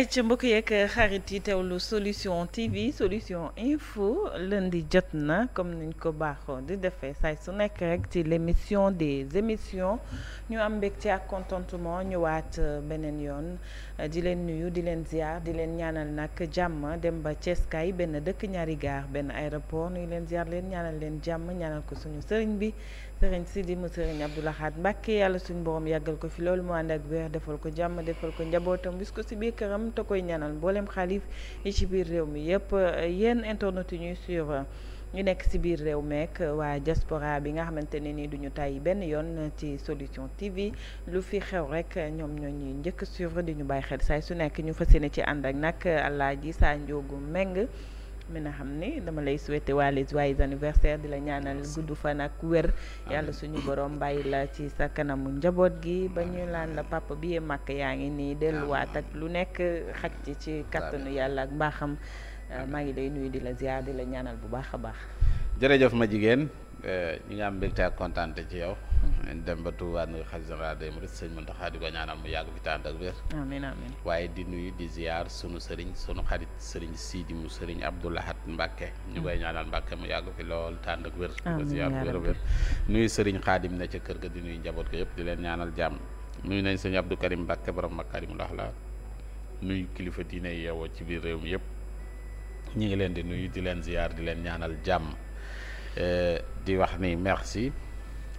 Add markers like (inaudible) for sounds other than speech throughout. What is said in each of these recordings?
ay ca mbokk yeeg xarit yi teew lu solution TV solution info di jot na comme niñ ko baaxoo di defee saay su nekk rek ci l'émission des émissions ñu am mbégte ak contentement ñëwaat euh, beneen yoon euh, di leen nuyu di leen ziar di leen ñaanal nag jàmm dem ba Thiès kay benn dëkk ñaari gaar benn aéroport nuyu leen ziar leen ñaanal leen jàmm ñaanal ko suñu sëriñ bi. sëriñ Sidi mu sëriñ Abdou Lahad Mbacke yàlla suñu borom yàggal ko fi loolu mu ànd ak wér defal ko jàmm defal ko njabootam bis ko si biir këram te koy ñaanal mboolem xaalif yi ci biir réew mi yëpp yenn internet yi ñuy suivre ñu nekk si biir réew meek waa diaspora bi nga xamante ne ni duñu tàyyi benn yoon ci solution TV lu fi xew rek ñoom ñoo ñuy njëkk suivre di ñu bàyyi xel saay su nekk ñu fas yéene ci ànd ak nag ji Saa Njoogu Meng mi na xam ni dama lay souhaiter waa les joyeux anniversaire di la ñaanal gudd fan ak wér yàlla suñu borom bàyyi la ci sa kanamu njaboot gi ba ñu laan la papa bi yee màkk yaa ngi nii delluwaat ak lu nekk xaj ci ci kattanu yàlla ak mbaaxam euh, maa ngi lay nuyu di la ziar di la ñaanal bu baax a baax jërëjëf ma jigéen euh, ñu ngi xam mbégte ak kontaan ci yow dem ba Touba nuyu xalifa général des mourides sëñ Mountakha di ko ñaanal mu yàgg fi tànd ak wér. waaye di nuyu di ziar sunu sëriñ sunu xarit sëriñ Sidi mu sëriñ Abdou Lahad Mbacke. ñu koy mm. ñaanal Mbacke mu yàgg fi lool tànd ak wér. amiin ziar sëriñ Xaadim ne ca kër ga di nuyu njaboot ko yëpp di leen ñaanal jàmm. nuyu nañ sëñ Abdou Karim Mbacke borom Makaarimul Axlaaq nuyu kilifa diine yeewoo ci biir réew mi yëpp ñu ngi leen di nuyu di leen ziar di leen ñaanal jàmm eh, wax ni merci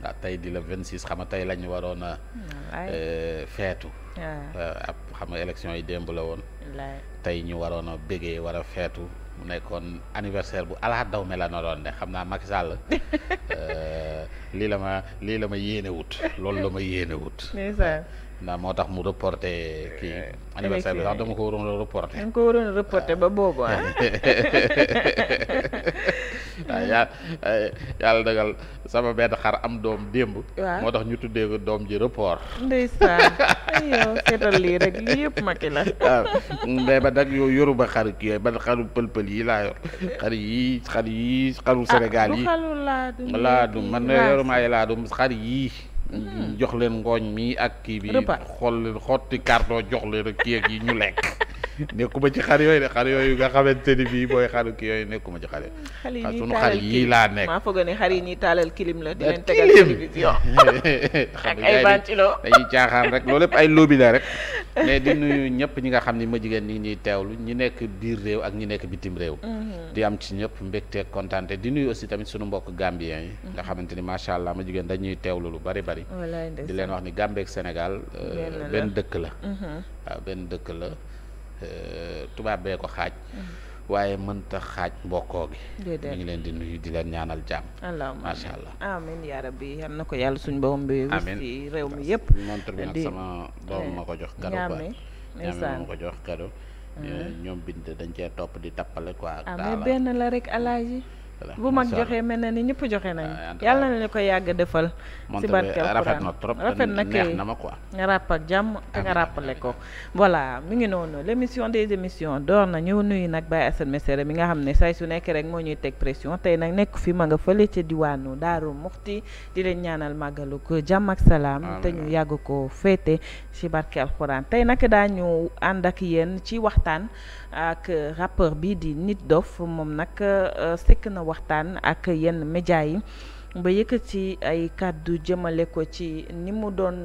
ndax ah, tey di la 26 xam nga tey la ñu waroon a. Eh, feetu. Ah. Ah, ab xam nga élection yi démb la woon. tey ñu waroon a bégee war a feetu mu nekkoon anniversaire bu alaat daw me la naroon ne xam naa Macky Sall (laughs) eh, lii la ma lii la ma yéene wut loolu la ma yéene wut. ndax moo tax mu reporté kii eh, eh, anniversaire bi ko waroon a reporté dama ko waroon a reporté ba boobu ah (laughs) waaw yàlla eh, dagal sama benn xar am doom démb moo tax ñu tuddee doom ji report ndeysaan yow seetal lii rek lii yëpp maki la (laughs) waaw mais ba nag yow kii ba xaru pël-pël yi laa yor xar yi xar yi xaru Sénégal ah, yi laadum laadum man na yorumaay xar yii Hmm. jox leen ngooñ mi ak kii bi xool xotti carton jox leen ak kii ak yi ñu lekk (laughs) nekkuma ci xar yooyu de xar yooyu nga xamante ni bii booy xaru kii yooyu nekkuma ci xar yi sunu xar yii laa nekk maa foog ne xar yi ñuy taalal kilim la di leen tegal télévision (laughs) ak ay ventilo dañuy caaxaan rek loolu lépp ay lobby la rek (laughs) mais di nuyu ñëpp ñi nga xam ni ma jigéen ñi ñuy teewlu ñu nekk biir réew ak ñu nekk bitim réew. Mm-hmm. di am ci ñëpp mbégteeg kontaante di nuy aussi tamit suñu mbokk gambien yi. nga mm-hmm. xamante ni macha allah ma jigéen dañuy teewlu lu bari bari. di leen wax ni Gambie ak Sénégal. Euh, benn dëkk la. Mm-hmm. waaw benn dëkk la euh, tubaab bee ko xaaj. waaye mënta xaaj mbokkoo gi ñu ngi leen di nuyu di leen ñaanal jàmm allahumma macha allah amin yaa rabbi yal na ko yàlla suñ borom bi wis ci réew mi yëpp montre bi nag sama doom eh, ma ko jox kado quoi ñaame ma ko jox kado eh. eh, ñoom bind dañ cee topp di tappale quoi ah mais benn la rek alaaji bu mag joxee mel na ni ñëpp joxe nañu. Ah, yàlla na ñu ko yàgg a defal. si barke rafet na trop rafet na kay nga ràpp ak jàmm te nga ràppale ko. voilà mi ngi noonu l' émission des émissions door na ñu nuyu nag Baye Assane Mesere nga xam ne say su nekk rek moo ñuy teg pression tey nag nekk fi ma nga fële ca diwaanu Daaru Muxti di leen ñaanal màggalu ko jàmm salaam. te yàgg ko féete si barke tey nag daañu ànd ak yéen ci waxtaan. ak rappeur bii di Nit Doff moom nag euh, sekk na waxtaan ak yenn média yi ba yëkkat yëkkati ay kàddu jëmale ko ci ni mu doon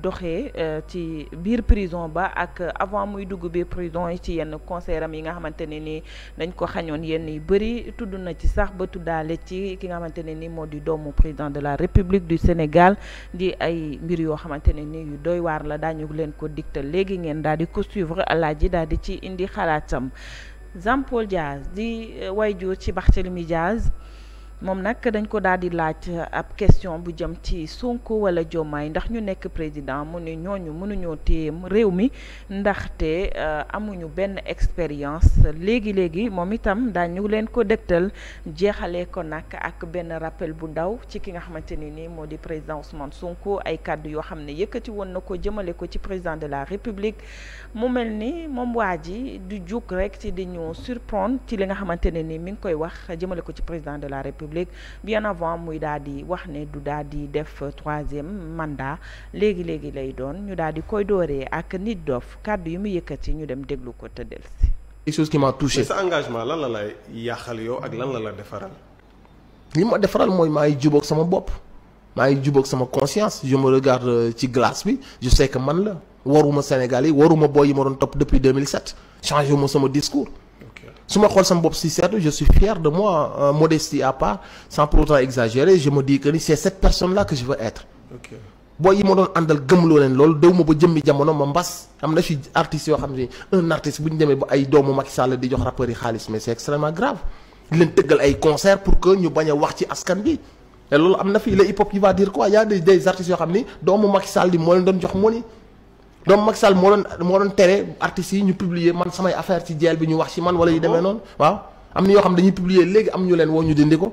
doxee euh, ci biir prison ba ak avant muy dugg biir prison yi ci yenn concert yi nga xamante ne ni dañ ko xañoon yenn yu bëri tudd na ci sax ba tuddaale ci ki nga xamante ne ni moo di doomu président de la république du Sénégal di ay mbir yoo xamante ne ni yu doy waar la daañu leen ko digtal léegi ngeen daal di ko suivre alaaji daal di ci indi xalaatam Jean Paul Diaz di euh, wayjur ci Barthélémy Diaz moom nag dañ ko daal di laaj ab question bu jëm ci Sonko wala Diomaye ndax ñu nekk président mu ne ñooñu mënuñoo téye réew mi ndax ndaxte euh, amuñu benn expérience léegi léegi moom itam ñu leen ko dëgtal jeexalee ko nag ak benn rappel bu ndaw ci ki nga xamante ni nii moo di président Ousmane Sonko ay kàddu yoo xam ne yëkkati woon na ko jëmale ko ci président de la République mu mel ni moom waa ji du jug rek ci di ñu surprendre ci li nga xamante ne ni mi ngi koy wax jëmale ko ci de la République. République bien avant muy daal di wax ne du daal di def troisième mandat léegi léegi lay doon ñu daal di koy dooree ak nit dof kàddu yu mu yëkkati ñu dem déglu ko te dellusi. quelque chose qui sa engagement lan la lay yàqal yow ak lan la la defaral. li ma defaral mooy maa ngi jubóog sama bopp maa ngi jubóog sama conscience je me regarde euh, ci glace bi je sais que man la waruma Sénégal yi waruma boy yi ma doon topp depuis 2007 changé wu ma sama discours. su ma xool sama bopp si seetlu je suis fier de moi euh, modestie à part sans exagérer je me dis que ni c'est cette personne là que je veux être. boo yi ma doon àndal gëmloo leen lool dew ma ba jëmmi jamono ma mbas am na fi artistes yoo xam ne un artiste bu ñu demee ba ay doomu Macky Sall di jox rappeurs yi xaalis mais c'est extrêmement grave di leen tëggal ay concert pour que ñu bañ wax ci askan bi. te loolu am na fi le hip hop yi va dire quoi y a des des artistes yoo donc mag Sall moo doon moo doon tere artistes yi ñu publier man samay affaire ci jeel bi ñu wax ci man wala yu demee ah noonu waaw am na yoo xam dañuy publier léegi am ñu leen woo ñu dindi ko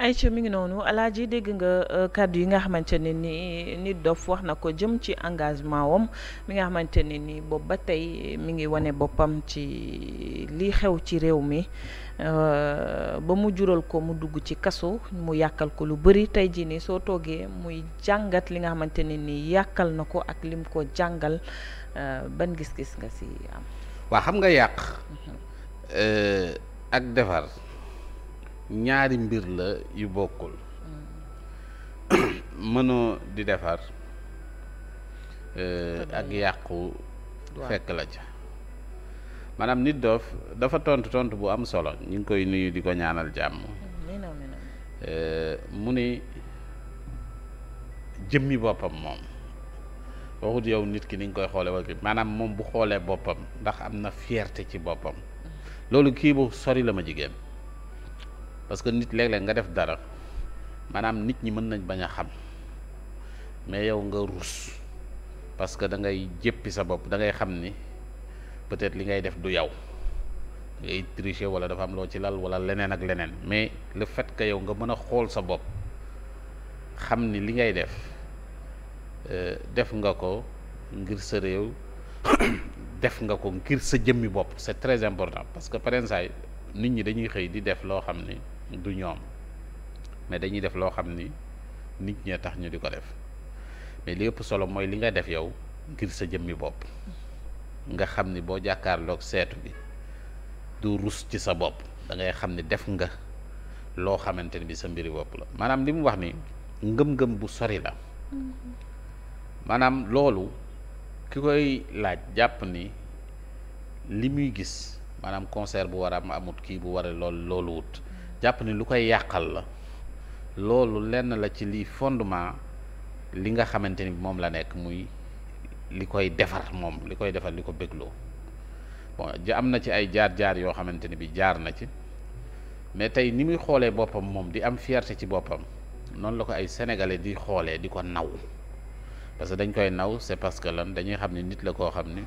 Aïcha mi ngi noonu alaaji dégg nga euh, kàddu yi nga xamante ne ni nit dof wax na ko jëm ci engagement wam mi nga xamante ne ni boobu ba tey mu ngi wane boppam ci li xew ci réew mi euh, ba mu jural ko mu dugg ci kaso mu yàkkal ko lu bari tey jii nii soo toogee muy jàngat li nga xamante ne ni yàkkal na ko ak lim ko jàngal euh, ban gis-gis nga si am. waa xam nga yàq. Mhm. ak defar. ñaari mbir la yu bokkul mm. (coughs) mënoo di defar euh, ak yàqu fekk la ca maanaam nit doof dafa tontu tont bu am solo ñu ngi koy nuyu di ko ñaanal jàmm mm-hmm. euh, mu ni jëmmi boppam moom waxut yow nit ki ni nga koy xoole wala maanaam moom bu xoolee boppam ndax am na fierté ci boppam mm-hmm. loolu kii bu sori la ma jigéen parce que nit léeg-léeg nga def dara maanaam nit ñi mën nañ bañ a xam mais yow nga ruus parce que da ngay jéppi sa bopp da ngay xam ni peut-être li ngay def du yow ngay tricher wala dafa am loo ci lal wala leneen ak leneen mais le fait que yow nga mën a xool sa bopp xam ni li ngay def euh, def nga ko ngir sa réew (coughs) def nga ko ngir sa jëmmi bopp c'est très important parce que parrainage nit ñi dañuy xëy di def loo xam ni. du ñoom mais dañuy def loo xam ni nit ñee tax ñu di ko def mais li ëpp solo mooy li nga def yow ngir sa jëmmi bopp nga xam ni boo jàkkaarlook seetu bi du rus ci sa bopp da ngay xam ni def nga loo xamante ni bi sa mbiri bopp la maanaam li mu wax ni ngëm-ngëm bu sori la maanaam loolu ki koy laaj jàpp ni li muy gis maanaam concert bu war a am amut kii bu war a lool loolu wut jàpp ne lu koy yàqal la loolu lenn la ci lii fondement li nga xamante ni moom la nekk muy li koy defar moom li koy defar li ko bégloo bon ji am na ci ay jaar-jaar yoo xamante ni bi jaar na ci mais tey ni muy xoolee boppam moom di am fierté ci boppam noonu la ko ay sénégalais di xoolee di ko naw parce que dañ koy naw c'est parce que lan dañuy xam ne nit la koo xam ni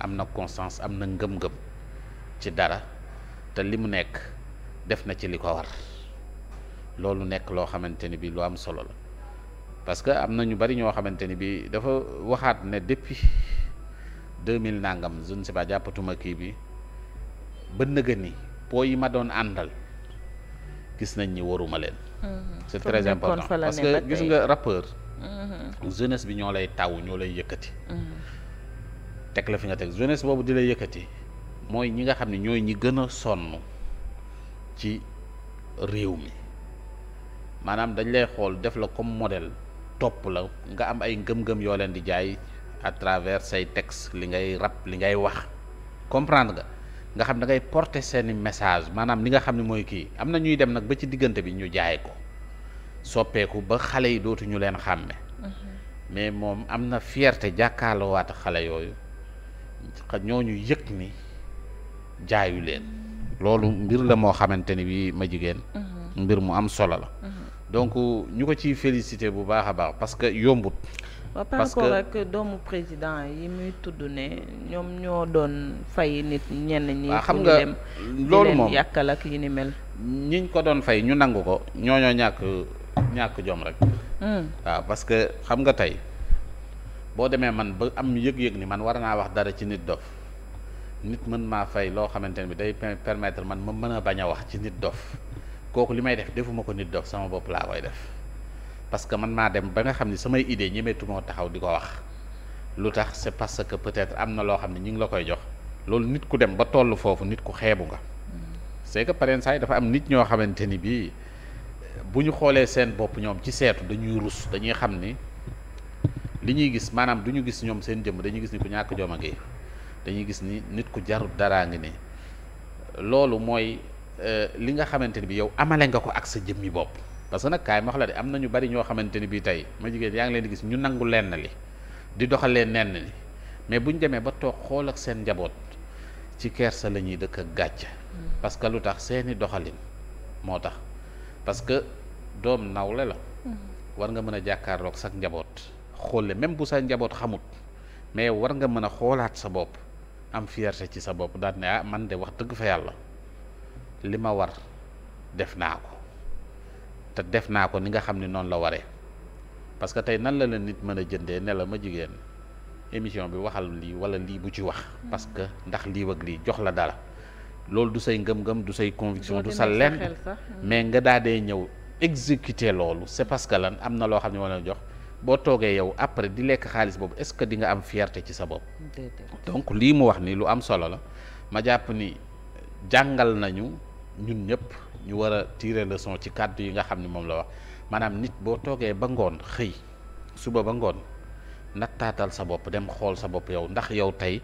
am na constance am na ngëm-ngëm ci dara te li mu nekk def na ci li ko war loolu nekk loo xamante ni bi lu am solo la parce que am na ñu bari ñoo xamante ni bi dafa waxaat ne depuis deux mille nangam je ne sais jàppatuma kii bi ba nëgë ni po yi ma doon àndal gis nañ ni waruma leen. Mm-hmm. c'est très important gis nga rappeur. Mm-hmm. jeunesse bi ñoo lay taw ñoo lay yëkkati. Mm-hmm. teg la fi nga teg jeunesse boobu di lay yëkkati mooy ñi nga xam ne ñooy ñi gën a sonn. ci réew mi maanaam dañ lay xool def la comme modèle topp la nga am ay ngëm-ngëm yoo leen di jaay à travers say texte li ngay rap li ngay wax comprendre ga nga xam da ngay porter seeni message maanaam li nga xam ne mooy kii am na ñuy dem nag ba ci diggante bi ñu jaay ko soppeeku ba xale yi dootuñu leen xàmme mm-hmm. mais moom am na fierté jàkkaarloo waat xale yooyu ñooñu yëg ni jaayu leen loolu mbir la moo xamante ni bii ma jigéen mhm. mbir mu am solo la mhm. donc ñu ko ciy félicité bu baax a baax parce que yombut waaw par ak doomu président yi muy tudd ne ñoom ñoo doon fay nit ñenn ñi xam nga loolu moo yàkkal ak yi ni mel ñiñ ko doon fay ñu nangu ko ñooñoo ñàkk ñàkk jom rek mm. waaw parce que xam nga tey boo demee man ba am yëg-yëg ni man war naa wax dara ci nit dof nit mën maa fay loo xamante ne bi day permettre man ma mën a bañ a wax ci nit dof kooku li may def defuma ko nit dof sama bopp laa koy def parce que man maa dem ba nga xam ne samay idée ñemeetu moo taxaw di ko wax lu tax c'est parce que peut-être am na loo xam ne ñu ngi la koy jox loolu nit ku dem ba toll foofu nit ku xeebu nga mm. c'est que parents yi dafa am nit ñoo xamante ni bii bu ñu xoolee seen bopp ñoom ci seetu dañuy rus dañuy xam ni li ñuy gis maanaam du ñu gis ñoom seen jëmm dañuy gis ni ñàkk jom a dañuy gis ni nit ku jarut daraa ngi nii loolu mooy euh, li nga xamante ni bi yow amale nga ko ak sa jëmmi bopp parce que nag kaay ma wax la de am na ñu bari ñoo xamante ni bi tey ma jigéen yaa ngi leen di gis ñu nangu lenn li di doxalee nenn li mais bu ñu demee ba toog xool ak seen njaboot ci kersa la ñuy dëkk ak gàcc parce que lu tax seeni doxalin moo tax parce que doom nawle la war nga mën a jàkkaarloog sa njaboot xoole même bu sa njaboot xamut mais war nga mën a xoolaat sa bopp am fierté ci sa bopp daal ah man de wax dëgg fa yàlla li ma war def naa ko te def naa ko ni nga xam ne noonu la waree parce que tey nan la la nit mën a jëndee ne la ma jigéen émission bi waxal lii wala lii bu ci wax mm. parce que ndax lii ak lii jox la dara loolu du say ngëm-ngëm du say conviction du sa lenn mm. mais nga dee ñëw exécuter loolu c'est parce que lan am na loo xam ne moo leen jox boo toogee yow après di lekk xaalis boobu est-ce que di nga am fierté ci sa bopp donc lii mu wax ni lu am solo la ma jàpp ni jàngal nañu ñun ñëpp ñu war a tirer leçon ci kàddu yi nga xam ne moom la wax maanaam nit boo toogee ba ngoon xëy suba ba ngoon nattaatal sa bopp dem xool sa bopp yow ndax yow tey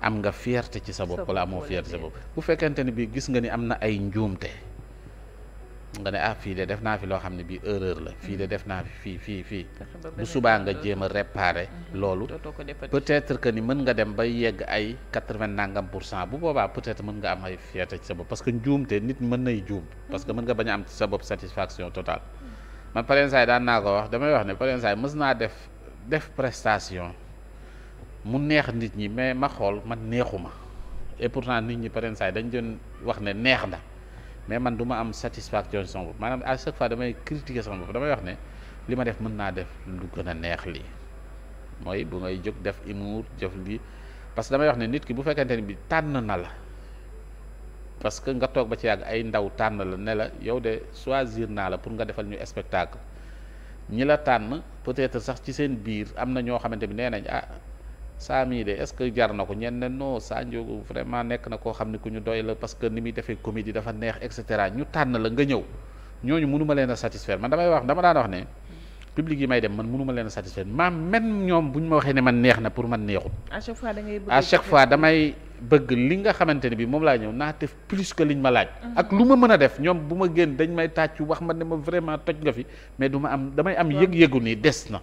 am nga fierté ci sa bopp wala amoo fierté sa bopp bu fekkente ni bii gis nga ni am na ay njuumte nga ne ah fii de def naa fi loo xam ne bii erreur la fii de def naa fi fii fii fii bu subaa nga jéem a réparer mhm. loolu peut-être que ni mën nga dem ba yegg ay quatre-vingt nangam pour cent bu boobaa peut-être mën nga am ay fierté ci sa bopp parce que njuumte nit mën nay juum parce que mën nga bañ am ci sa bopp satisfaction totale mhm. man parensaay daan naa ko wax damay wax ne parensaay mës naa def def prestation mu neex nit ñi mais ma xool neexu ma et pourtant nit ñi parensaay dañ doon wax ne neex na mais man duma ma am satisfaction sama bopp maanaam à chaque fois damay critiquer sama bopp damay wax ne li ma def mën naa def lu gën a neex lii mooy bu ngay jóg def humour jëf lii parce que damay wax ne nit ki bu fekkente ni bi tànn na la parce que nga toog ba ci yàgg ay ndaw tànn la ne la yow de choisir naa la pour nga defal ñu spectacle ñi la tànn peut-être sax ci seen biir am na ñoo xamante bi nee nañ ah saa mii de est-ce que jar na ko ñenn ne non Sa Ndiogou vraiment nekk na koo xam ne ku ñu doy la parce que ni muy defee comédie dafa neex et cetera ñu tànn la nga ñëw ñooñu mënuma leen a satisfaire man damay wax dama daan wax ne public yi may dem man mënuma leen a satisfaire maam même ñoom bu ñu ma waxee ne man neex na pour man neexul. à chaque fois da à chaque fois damay bëgg li nga xamante ne bii moom laa ñëw naa def plus que liñ ma laaj. Mhm. ak lu ma mën a def ñoom bu ma génn dañ may tàccu wax ma ne ma vraiment toj nga fi mais du am damay am yëg-yëgu ni des na.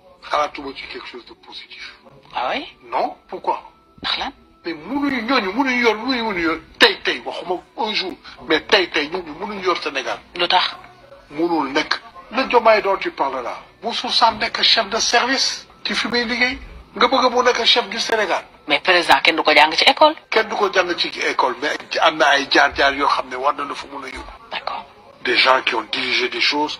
xalaatuma ci quelque chose de positif. ah oui. non pourquoi. ndax lan. mais munuñu ñooñu munuñu yor munuñu munuñu yor tey tey waxuma un jour mais tey tey ñooñu munuñu yor Sénégal. lu tax. munul nekk. le Diomaye dont tu parles là. musul sax nekk chef de service. ci fi muy liggéey. nga bëgg mu nekk chef du Sénégal. mais président kenn du ko jàng ci école. kenn du ko jàng ci école mais am na ay jaar-jaar yoo xam ne war na la fa mun a yóbbu. d'accord. des gens qui ont dirigé des choses.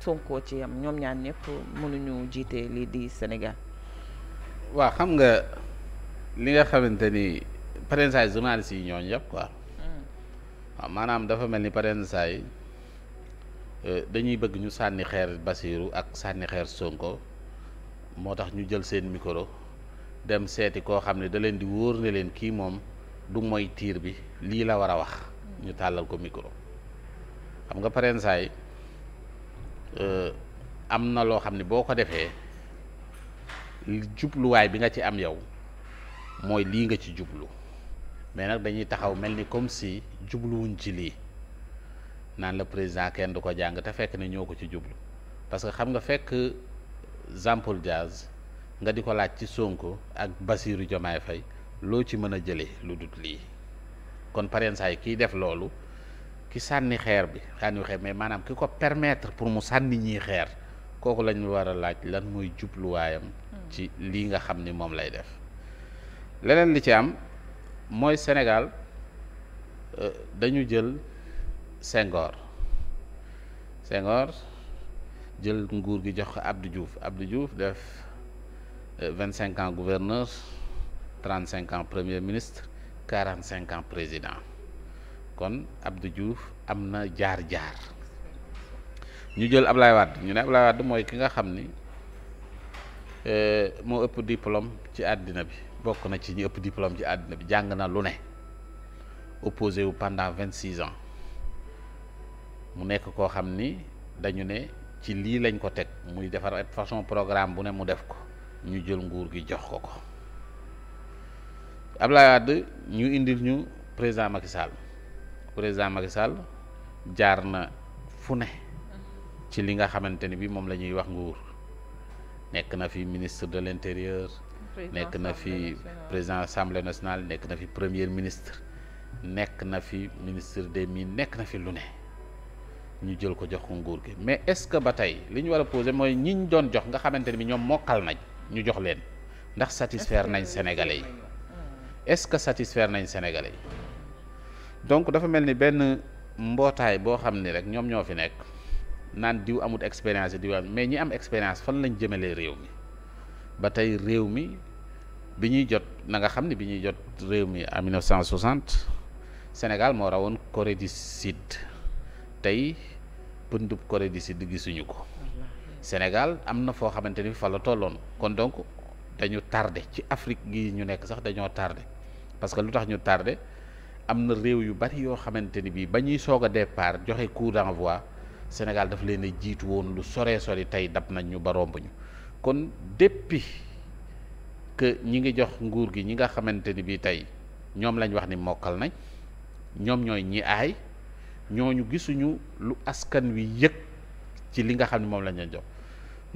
Sonko ci yam ñoom ñaar ñëpp mënuñu jiite lii di Sénégal. waaw xam nga li nga xamante ni parrainage journaliste yi ñooñu yëpp quoi. Hmm. maanaam dafa mel ni parrainage euh, dañuy bëgg ñu sànni xeer Basirou ak sànni xeer Sonko moo tax ñu jël seen micro dem seeti koo xam ne da leen di wóor ne leen kii moom du mooy tiir bi lii la war a wax hmm. ñu tàllal ko micro xam nga parrainage. am na loo xam ne boo ko defee jubluwaay bi nga ci am yow mooy lii nga ci jublu mais nag dañuy taxaw mel ni comme si jubluwuñ ci lii naan la président kenn du ko jàng te fekk ne ñoo ko ci jublu parce que xam nga fekk Jean-Paul nga di ko laaj ci Sonko ak Bassirou Diomaye fay loo ci mën a jële lu dut lii kon pareen yi kiy def loolu ki sànni xeer bi sànni xeer mais maanaam ki ko permettre pour mu sànni ñii xeer kooku lañu war a laaj lan mooy jubluwaayam hmm. ci lii nga xam ni moom lay def leneen li ci am mooy Sénégal euh, dañu jël Senghor Senghor jël nguur gi jox ko Abdou Diouf Abdou Diouf def euh, vingt cinq ans gouverneur trente cinq ans premier ministre quarante cinq ans président kon abdu juuf am na jaar-jaar ñu jël Ablaye Wade ñu ne Ablaye Wade mooy ki nga xam ni euh, moo ëpp diplôme ci àddina bi bokk na ci ñu ëpp diplôme ci àddina bi jàng na lu ne opposé wu pendant vingt six ans mu nekk koo xam ni dañu ne ci lii lañ ko teg muy defar façon programme bu ne mu def ko ñu jël nguur gi jox ko ko Ablaye Wade ñu indil ñu président Macky président Macky jaar na fu ne ci li nga xamante ni bi moom la ñuy wax nguur nekk na fi ministre de l'intérieur nekk na fi président assemblée nationale nekk na fi premier ministre nekk na fi ministre des mi nekk na fi lu ne ñu jël ko jox ko nguur gi mais est-ce que ba tey li ñu war a poser mooy ñi ñu doon jox nga xamante ne bi ñoom mokkal nañ ñu jox leen ndax satisfaire nañ sénégalais yi est-ce que satisfaire nañ sénégalais yi donc dafa mel ni benn mbootaay boo xam ni rek ñoom ñoo fi nekk naan diw amut expérience diw am mais ñi am expérience fan lañ jëmalee réew mi ba tey réew mi bi ñuy jot na nga xam ni bi ñuy jot réew mi en 1960 Sénégal moo rawoon Corée du Sud tey pëndub Corée du Sud gisuñu ko Sénégal am na foo xamante ni fa la tolloon kon donc dañu tardé ci Afrique gi ñu nekk sax dañoo tardé parce que lu tax ñu tardé am na réew yu bari yoo xamante ni bii ba ñuy soog a départ joxe coup d'envoi Sénégal daf leen a jiitu woon lu soree sori tey dab nañ ñu ba romb ñu kon depuis que ñi ngi jox nguur gi ñi nga xamante ni bii tey ñoom lañ wax ni mokkal nañ ñoom ñooy ñi aay ñooñu gisuñu lu askan wi yëg ci li nga xam ne moom lañu leen jox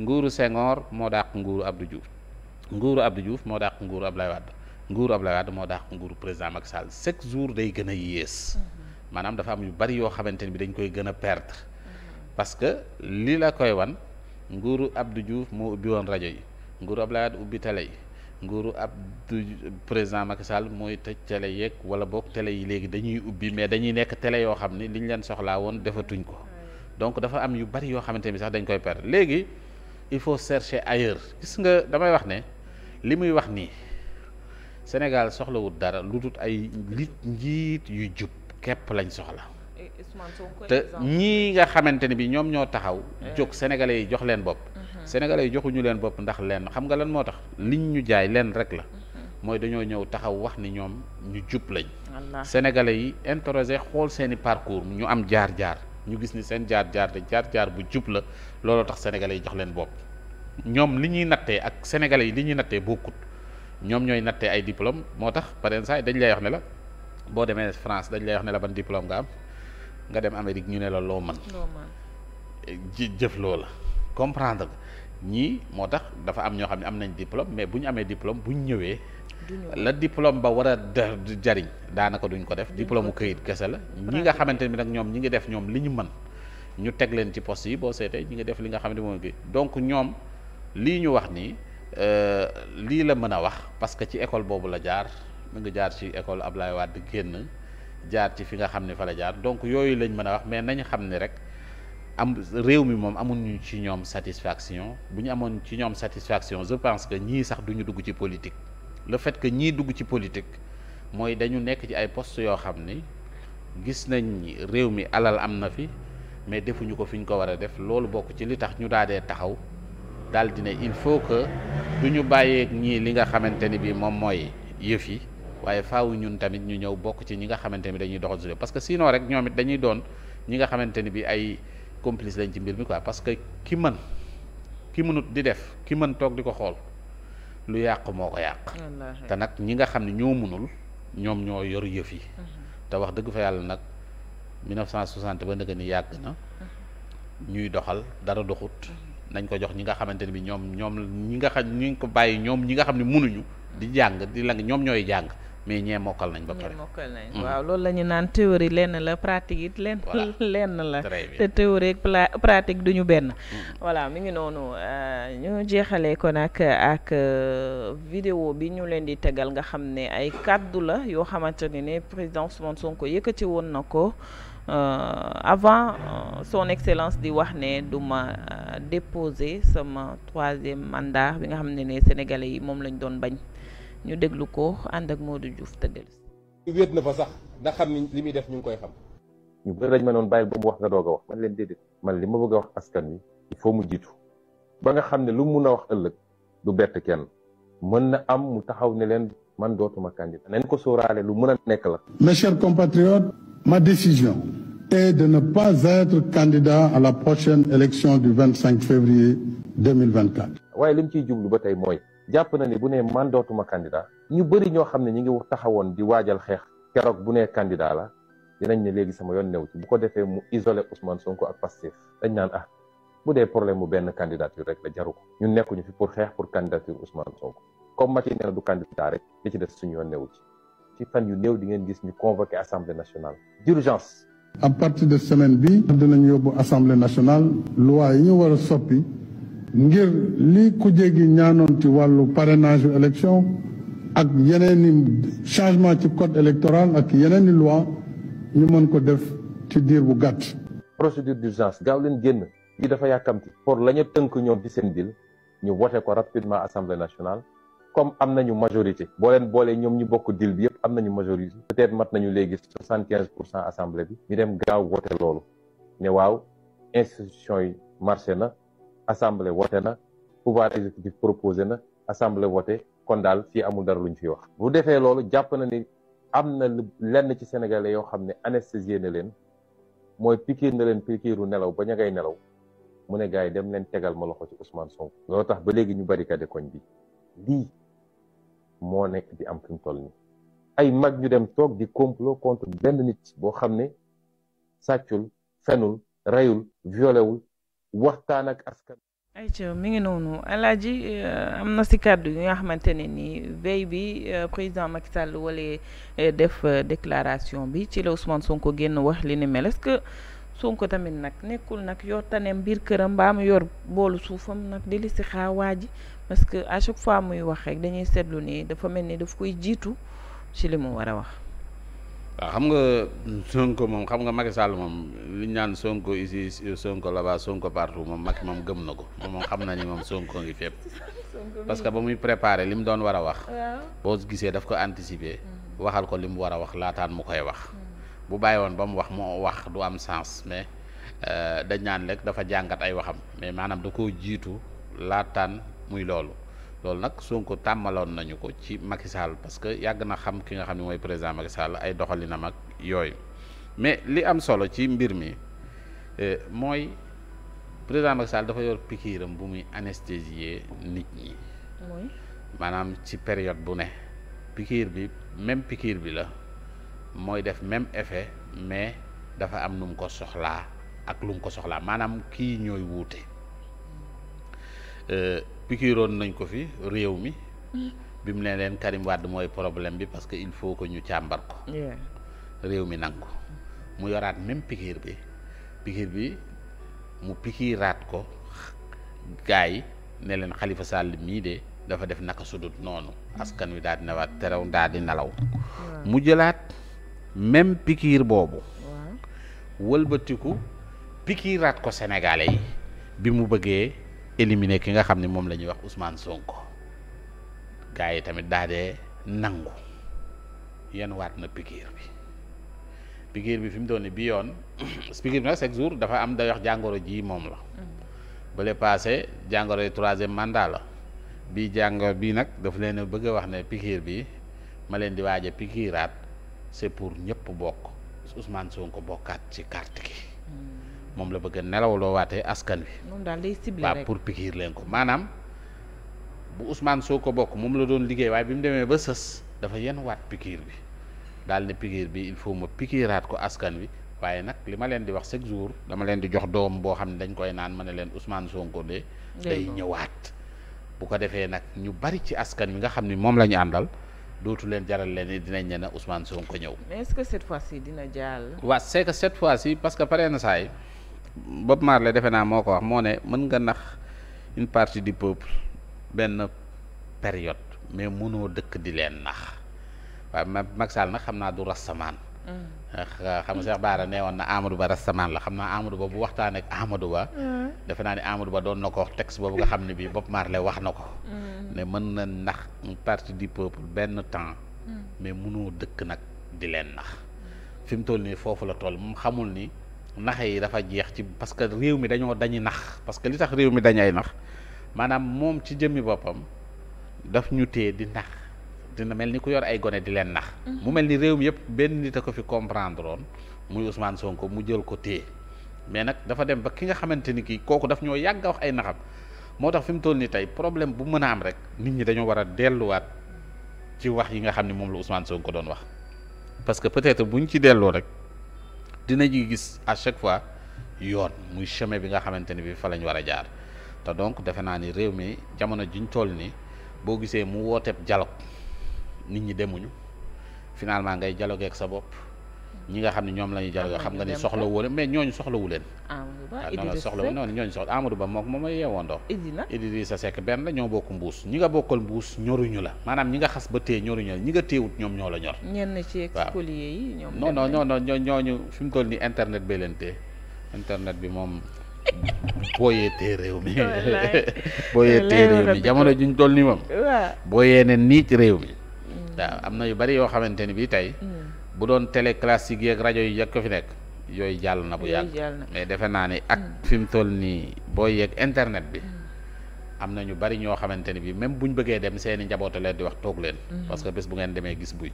nguuru sengoor moo dàq nguuru Abdou Diouf nguuru du juuf moo dàq nguuru Abdoulaye Wade nguur Abdoulaye Wade moo dàq nguur président makk Sall chaque jour day gën a yées maanaam dafa am yu bari yoo xamante ni bi dañ koy gën a perdre parce que li la koy wan nguuru Abdou Diouf moo ubbi woon rajo yi nguuru Abdoulaye Wade ubbi tele yi nguuru Abdou président Macky Sall mooy tëj tele yeeg wala boog tele yi léegi dañuy ubbi mais dañuy nekk télé yoo xam ni liñ leen soxlaa woon defatuñ ko donc dafa am yu bari yoo xamante ni sax dañ koy perdre léegi il faut chercher ailleurs gis nga damay wax ne li muy wax nii. Sénégal soxlawut dara lu dut ay lit njiit yu jub képp lañ soxla eh, te ñii nga xamante ni bi ñoom ñoo taxaw jóg sénégalais yi jox leen bopp mhm. sénégalais yi joxuñu leen bopp ndax leen xam nga lan moo tax liñ ñu jaay leen rek la mhm. mooy dañoo ñëw taxaw wax ni ñoom ñu jub lañ sénégalais yi interroger xool seeni parcours ñu am jaar-jaar ñu gis ni seen jaar-jaar de jaar-jaar bu jub la looloo tax sénégalais yi jox leen bopp ñoom li ñuy nattee ak sénégalais yi li ñuy nattee bokkut ñoom ñooy nattee ay diplôme moo tax pareen saa dañ lay wax ne la boo demee France dañ lay wax ne la ban diplôme nga am nga dem Amérique ñu ne la loo mën ji jëf loola comprendre ñii moo tax dafa am ñoo xam ne am nañ diplôme mais bu ñu amee diplôme bu ñu ñëwee la diplôme ba war a jariñ daanaka duñ ko def diplôme mu këyit kese la ñi nga xamante ne bi nag ñoom ñi ngi def ñoom li ñu mën ñu teg leen ci poste yi boo seetee ñi ngi def li nga xamante moom gi donk ñoom lii ñu wax nii Euh, lii la mën a wax parce que ci école boobu la jaar mu ngi jaar ci école Ablaye Wade génn jaar ci fi nga xam ne fa la jaar donc yooyu lañ mën a wax mais nañ xam ne rek am réew mi moom amuñu ci ñoom satisfaction bu ñu amoon ci ñoom satisfaction je pense que ñii sax duñu dugg ci politique le fait que ñii dugg ci politique mooy dañu nekk ci ay poste yoo xam ni gis nañ réew mi alal am na fi mais defuñu ko fi ñu ko war a def loolu bokk ci li tax ñu daadee taxaw daal di ne il faut que du ñu bàyyeeg ñii li nga xamante ni bii moom mooy yëf yi waaye faaw ñun tamit ñu ñëw bokk ci ñi nga xamante ni dañuy doxal suñu parce que sinon rek ñoom it dañuy doon ñi nga xamante ni bii ay complice lañ ci mbir mi quoi parce que ki mën ki mënut di def ki mën toog di ko xool lu yàq moo ko yàq. te nag ñi nga xam ne ñoo mënul ñoom ñoo yor yëf yi. Mhm. te wax dëgg fa yàlla nag 1960 ba nga ni yàgg na. Mhm. ñuy doxal dara doxut. Mhm. nañ ko jox ñi nga xamante ne bi ñoom ñoom ñi nga xam ñi ko bàyyi ñoom ñi nga xam ne munuñu di jàng di lang ñoom ñooy jàng mais ñee mokkal nañ ba pare mm-hmm. waaw loolu la ñu naan théorie lenn la pratique it lenn (laughs) lenn la te théorie pratique duñu benn mm-hmm. voilà mu ngi noonu euh, ñu jeexale ko nag ak euh, vidéo bi ñu leen di tegal nga xam ne ay kàddu la yoo xamante ne ne président Ousmane Sonko yëkkati woon na ko Euh, avant euh, son excellence di wax ne du ma euh, déposer sama troisième mandat bi nga xam ne ne sénégalais yi moom lañ doon bañ ñu déglu ko ànd ak moo du te dellu si. wéet na fa sax ndax xam ni li muy def ñu ngi koy xam. ñu bëri dañ ma noon bàyyi ba mu wax nga doog a wax man leen déedéet man li ma bëgg a wax askan wi foo mu jiitu ba nga xam ne lu mun a wax ëllëg du bett kenn mën na am mu taxaw ne leen man dootuma candidat nañ ko sóoraale lu mën a nekk la. Ma décision est de ne pas être candidat à la prochaine élection du 25 février 2024. waaye li mu ciy jublu ba tey mooy jàpp na ni bu ne man dootuma candidat ñu bëri ñoo xam ne ñu ngi taxawoon di waajal xeex keroog bu nee candidat la di nañ ne léegi sama yoon new ci bu ko defee mu isolé Ousmane Sonko ak Pastef dañ naan ah bu dee problème mu benn candidature rek la jaru ko ñun nekkuñu fi pour xeex pour candidature Ousmane Sonko comme Macky nee na du candidat rek li ci des suñu yoon new ci. ci fan yu néew di ngeen gis ñu convoqué assemblée nationale d'urgence à partir de semaine bi am dinañ yóbbu assemblée nationale loi yi ñu war a soppi ngir lii ku jéggi ñaanoon ci wàllu parenage parrainage élection ak yeneen i changement ci code électoral ak yeneen i loi ñu mën ko def ci diir bu gàtt procédure d'urgence gaaw leen génn yi dafa yàkkamti pour la ñu tënk ñoom ci seen bill ñu wote ko rapidement assemblée nationale comme am nañu majorité boo leen boolee ñoom ñu bokk dil bi yëpp am nañu majorité peut-être mat nañu léegi soixante quinze pour cent assemblée bi ñu dem gaaw wote loolu ne waaw institution yi marché na assemblée wote na pouvoir exécutif proposé na assemblée wote kon daal fii amul dara lu ñu fi wax bu defee loolu jàpp na ni am na lenn ci sénégalais yoo xam ne anesthésié na leen mooy pikiir na leen pikiiru nelaw ba ña ngay nelaw mu ne gars yi dem leen tegal ma loxo ci Ousmane Sonko loolu tax ba léegi ñu barricade koñ bi moo nekk di am fi toll nii ay mag ñu dem toog di complot contre benn nit boo xam ne sàccul fenul reyul violewul waxtaan ak askan ay ca mi ngi noonu alaaji euh, am na si kàddu yi nga xamante ne ni veille bi euh, président Macky Sall wala euh, def déclaration bi ci la Ousmane Sonko génn wax li ni mel est-ce que Sonko tamit nag nekkul nag yor taneem biir këram mbaa yor boolu suufam nag di li si xaawaa parce que à chaque fois muy wax rek dañuy seetlu nii dafa mel ni dafa koy jiitu ci li mu war a wax. waaw ah, xam nga Sonko moom xam nga Macky Sall moom li ñu naan Sonko ici Sonko là-bas Sonko partout moom Macky moom gëm na ko moom xam na ni moom Sonko ngi fépp. parce que ba muy préparé li mu doon war a wax. boo gisee daf ko anticiper. waxal ko li mu war a wax laataan mu koy wax. bu bàyyi woon ba mu wax moo wax du am sens mais euh, dañ naan rek dafa jàngat ay waxam muy loolu loolu nag Sonko tàmmaloon nañu ko ci Macky Sall parce que yàgg na xam ki nga xam ne mooy président Macky Sall ay doxalinam mag yooyu mais li am solo ci mbir mi eh, mooy président Macky Sall dafa yor pikiiram bu muy anesthésier nit ñi. maanaam si période bu ne pikiir bi même pikiir bi la mooy def même effet mais dafa am nu ko soxlaa ak lu ko soxlaa maanaam kii ñooy wuute. Eh, pikiroon nañ ko fi réew mi mm. bi mu ne leen Karim Wade mooy problème bi parce que il faut que ñu càmbar ko réew mi nangu mu yoraat même pikiir bi pikir bi mu pikiraat ko gars yi ne leen xalifa sàll mii de dafa def naka sudut noonu mm. askan wi daal di nawaat terew daal di nelaw mu jëlaat même pikiir boobu wëlbatiku pikiraat ko sénégalais yi bi mu bëggee éliminer ki nga xam ni moom la ñuy wax Ousmane Sonko gars yi tamit daa dee nangu yenn waat na pikiir bi pikiir bi fi mu toll nii bi yoon (coughs) pikiir bi nag chaque jour dafa am day wax jàngoro ji moom la mm. bële passé jàngoro yi troisième mandat la bi jàngoro bii nag daf leen a bëgg a wax ne pikiir bi ma leen di waaj a pikiiraat c'est pour ñëpp bokk Ousmane Sonko bokkaat ci carte gi moom la bëgg a nelawloo waatee askan wi. moom daal pour pikiir leen ko maanaam bu Ousmane soo ko bokk moom la doon liggéey waaye bi mu demee ba sës dafa yenn waat pikiir bi daal ne pikiir bi il ma pikiiraat ko askan wi waaye nag li ma leen di wax chaque jour dama leen di jox doom boo xam ne dañ koy naan ma ne leen Ousmane Sonko de. day ñëwaat. bu ko defee nag ñu bari ci askan wi nga xam ni moom la ñu àndal dootu leen jaral leen dinañ ne na Ousmane Sonko ñëw. mais que cette fois parce que pare na saa yi Bob Marley defe naa moo ko wax moo ne mën nga nax une partie du peuple benn période mais munoo dëkk di leen nax waaye Macky saal nag xam naa du rastamaan mm. euh, xam nga Cheikh Baara woon na Amadou Ba rastamaan la xam naa Amadou Ba bu waxtaan ak Amadou Ba mm. defe naa ne Amadou Ba doon na ko wax texte boobu nga xam ne bii Bob Marley wax na ko mm. ne mën na nax une partie du peuple benn temps mais mënoo dëkk nag di leen nax fi mu toll nii foofu la toll moom xamul nii nax yi dafa jeex ci parce que réew mi dañoo dañu nax parce que li tax réew mi dañ ay nax maanaam moom ci jëmmi boppam daf ñu téye di nax dina mel ni ku yor ay gone di leen nax. Mm-hmm. mu mel ni réew mi yëpp benn nit a ko fi comprendre woon muy Ousmane Sonko mu jël ko téye mais nag dafa dem ba ki nga xamante ni kii kooku daf ñoo yàgg wax ay naxam moo tax fi mu toll nii tey problème bu mën a am rek nit ñi dañoo war a delluwaat ci wax yi nga xam ne moom la Ousmane Sonko doon wax parce que peut-être buñ ci delloo rek. dina dinañuy gis à chaque fois yoon muy chemin bi nga xamante ni bi fa lañ war a jaar te donc defe naa ni réew mi jamono jiñ toll ni boo gisee mu wooteeb dialogue nit ñi demuñu finalement ngay dialoguer ak sa bopp ñi nga xam ne ñoom la ñuy jar xam nga ni soxla woo leen mais ñooñu soxlawu leen waaw soxla noonu ñooñu soxla Amadou Ba moom moom a yeewoondoo Idrissa Seck benn la ñoo bokk mbuus ñi nga bokkal mbuus ñoruñu la maanaam ñi nga xas ba tee ñoruñu la ñi nga teewut ñoom ñoo la ñor ñenn ci expolier yi ñoom non non non non ñooñu fi mu toll ni internet bee leen tee internet bi moom (laughs) booyee tee réew mi (laughs) booyee tee réew mi jamono juñ toll ni moom booyee ne nii ci réew mi mm. waaw am na yu bari yoo xamante ni bii tey mm. bu doon télé classique yeeg rajo yi yeg ko fi nekk yooyu jàll na bu yàgg mais defe naa ni ak hmm. fi mu toll nii boo yeeg internet bi hmm. am na ñu bari ñoo xamante ni bi même bu ñu bëggee dem seeni njaboota leen di wax toog leen hmm. parce que bés bu ngeen demee gis buy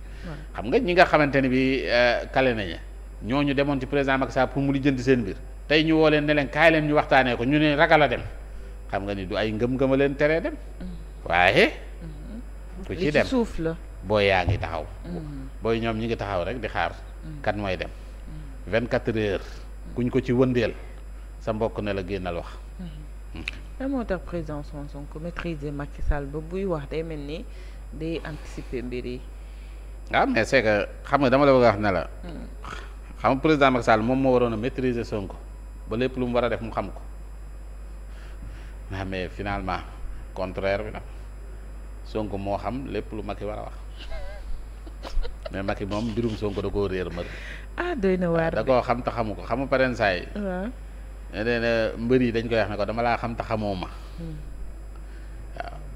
xam nga ñi nga xamante ni bi euh, kale na ñoo ñu demoon ci président Macky Sall pour mu di jënd seen mbir tey ñu woo leen ne leen kaay leen ñu waxtaanee ko ñu ne ragal a dem xam nga ni du ay ngëm-ngëm leen teree dem waaye ku ci suuf la booy yaa ngi taxaw. Mm-hmm. booy ñoom ñi ngi taxaw rek di xaar. Mm-hmm. kan mooy dem. 24 mm-hmm. heures. kuñ ko ci wëndeel sa mbokk ne la génnal wax. lan moo tax président Sonko maîtriser Macky Sall ba buy wax day mel ni day anticiper mbir yi. ah xam nga dama la bëgg a la. Mm. xam nga président moom moo waroon a maîtriser Sonko ba lépp lu mu war a def mu xam ko ah, mais finalement contraire bi la moo xam lépp lu Macky war a wax. mais Macky moom mbirum Sonko da koo réer mër. ah doy na waar da koo xam te xamu ko xamu pareen saa yi. mbër yi dañ koy wax ne ko dama laa xam te xamoo ma. Hmm.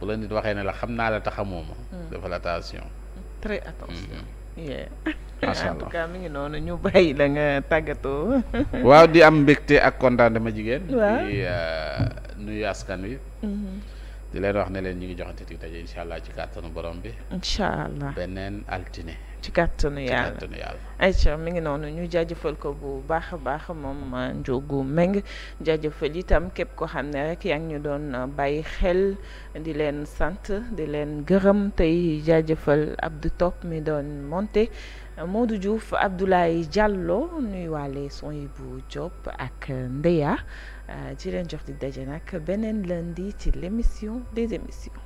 waaw waxee ne la xam naa la te xamoo ma. Hmm. dafa la attention. très attention. Hmm. Yeah. (laughs) en tout ngi noonu ñu bàyyi la tàggatoo. (laughs) waaw di am mbégte ak kontaan dama jigéen. waaw di euh, askan wi. di leen wax ne leen ñu ngi joxante dig daje incha allah ci kàttanu borom bi. incha allah beneen altine. ci kàttanu yàlla ci mi ngi noonu ñu jaajëfal ko bu baax a baax moom Ndiogou Meng jaajëfal itam képp ko xam ne rek yaa ngi ñu doon bàyyi xel di leen sant di leen gërëm tey jaajëfal Abdou Top mi doon monté Modou Diouf Abdoulaye Diallo nuy waale son bu Diop ak Ndeya. Euh, ci leen jox di daje nag beneen lundi ci l'émission des émissions